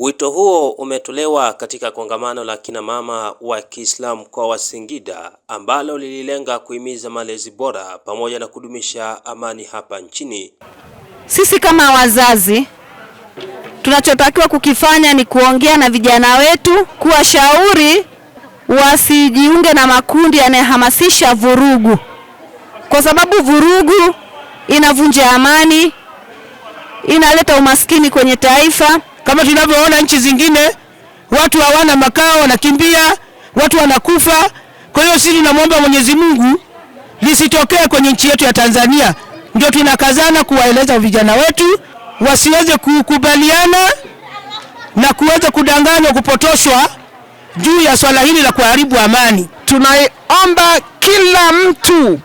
Wito huo umetolewa katika kongamano la kina mama wa Kiislamu kwa Wasingida ambalo lililenga kuhimiza malezi bora pamoja na kudumisha amani hapa nchini. Sisi kama wazazi tunachotakiwa kukifanya ni kuongea na vijana wetu, kuwashauri wasijiunge na makundi yanayohamasisha vurugu, kwa sababu vurugu inavunja amani, inaleta umaskini kwenye taifa. Kama tunavyoona nchi zingine, watu hawana makao, wanakimbia, watu wanakufa. Kwa hiyo sisi tunamwomba Mwenyezi Mungu lisitokee kwenye nchi yetu ya Tanzania. Ndio tunakazana kuwaeleza vijana wetu wasiweze kukubaliana na kuweza kudanganywa, kupotoshwa juu ya swala hili la kuharibu amani. tunaomba kila mtu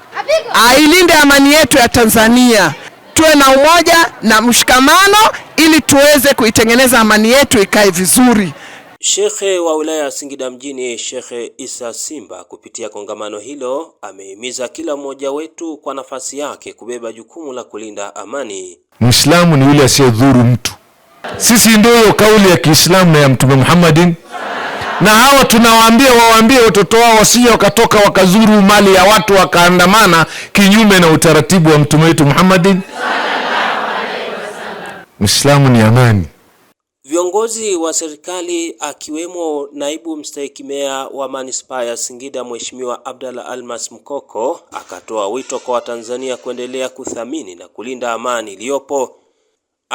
ailinde amani yetu ya Tanzania tuwe na umoja na mshikamano ili tuweze kuitengeneza amani yetu ikae vizuri. Shekhe wa wilaya ya Singida mjini Shekhe Isa Simba kupitia kongamano hilo amehimiza kila mmoja wetu kwa nafasi yake kubeba jukumu la kulinda amani. Muislamu ni yule asiyedhuru mtu. Sisi ndio hiyo kauli ya Kiislamu na ya Mtume Muhammadin na hawa tunawaambia wawaambie watoto wao wasije wakatoka wakazuru mali ya watu wakaandamana kinyume na utaratibu wa mtume wetu Muhammadin. Mwislamu ni amani. Viongozi wa serikali akiwemo naibu mstahiki meya wa manispaa ya Singida Mheshimiwa Abdalla Almas Mkoko akatoa wito kwa Watanzania kuendelea kuthamini na kulinda amani iliyopo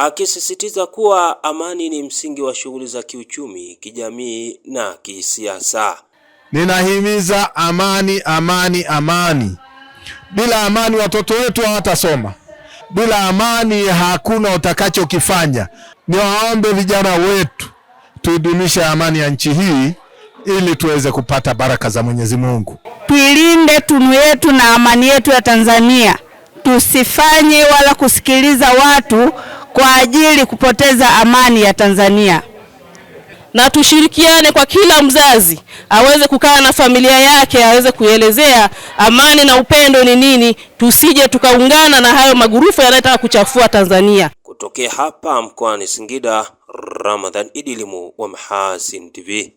akisisitiza kuwa amani ni msingi wa shughuli za kiuchumi, kijamii na kisiasa. Ninahimiza amani, amani, amani. Bila amani watoto wetu hawatasoma. Bila amani hakuna utakachokifanya. Niwaombe vijana wetu tuidumishe amani ya nchi hii ili tuweze kupata baraka za Mwenyezi Mungu. Tuilinde tunu yetu na amani yetu ya Tanzania, tusifanye wala kusikiliza watu kwa ajili kupoteza amani ya Tanzania. Na tushirikiane kwa kila mzazi aweze kukaa na familia yake, aweze kuelezea amani na upendo ni nini, tusije tukaungana na hayo magurufu yanayotaka kuchafua Tanzania. Kutokea hapa mkoani Singida, Ramadhan Idilimu wa Mahasin TV.